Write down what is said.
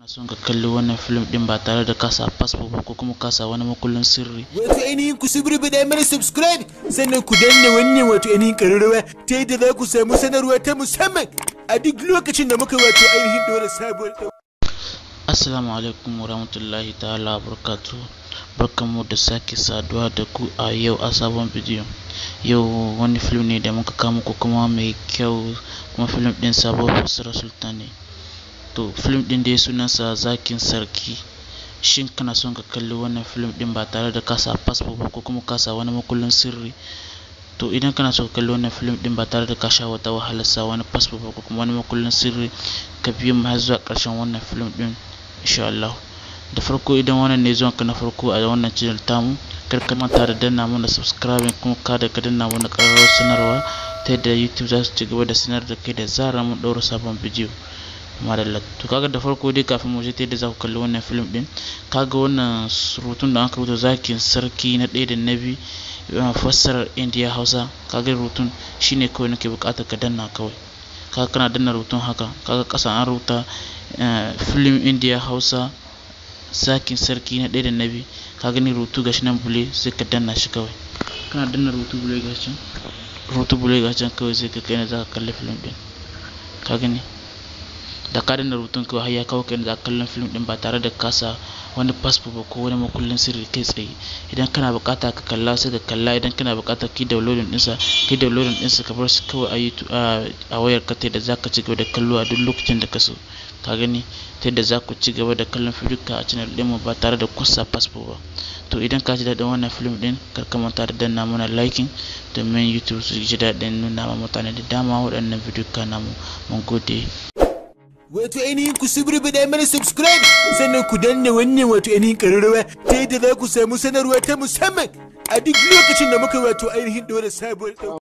na son ka kalli wannan film din ba tare da kasa fasfo ba ko kuma kasa wani makullin sirri. Wato ainihin ku subscribe da mana subscribe sannan ku danna wannan wato ainihin kararrawa ta yadda za ku samu sanarwa ta musamman a duk lokacin da muka wato ainihin dole sabuwar Assalamu alaikum rahmatullahi ta'ala barkatu barkanmu da sake saduwa da ku a yau a sabon bidiyo yau wani film ne da muka kama muku kuma mai kyau kuma film din sabon fasara sultani. to film din dai sunansa zakin sarki shin kana son ka kalli wannan film din ba tare da kasa fasfo ba ko kuma kasa wani makullin sirri to idan kana so ka kalli wannan film din ba tare da ka sha wata wahalar sa wani fasfo ba ko kuma wani makullin sirri ka biyo mu har zuwa karshen wannan film din insha Allah da farko idan wannan ne ka na farko a wannan channel tamu kar ka manta da danna mana subscribe kuma ka da ka danna mana karar sanarwa ta yadda youtube za su ci gaba da sanar da kai da zarar mun ɗaura sabon bidiyo madalla to kaga da farko dai kafin mu je ta yadda za ku kalli wannan film din kaga wannan surutun da aka rubuta zakin sarki na ɗaya da na biyu ah, fassarar indiya hausa kaga rutun shine kawai nake bukata ka danna kawai kaga kana danna rutun haka kaga ƙasa an rubuta eh, film indiya hausa zakin sarki na ɗaya da na biyu kaga ni rutu gashi nan bule sai ka danna shi kawai kana danna rutu bule gashi rutu bule gashi kawai sai ka kai na za ka kalli film din kaga ni da ka danna rubutun kawai har ya kawo kai da kallon film ɗin ba tare da kasa wani fasfo ba ko wani makullin sirri kai tsaye idan kana bukata ka kalla sai ka kalla idan kana bukata ki downloading ɗinsa ki downloading ka bar su kawai a YouTube a wayar ka ta da za ci gaba da kallo a duk lokacin da ka so ka gani ta yadda za ku ci gaba da kallon film ka a channel din mu ba tare da kusa passport ba to idan ka ji daɗin wannan film ɗin kar ka manta da danna mana liking domin YouTube su ji daɗin nuna ma mutane da dama waɗannan video ka namu mun gode wato ainihin ku dai mana subscribe sannan ku danna wannan wato ainihin ƙararrawa ta da za ku samu sanarwa ta musamman a duk lokacin da muka wato ainihin ɗora sabuwar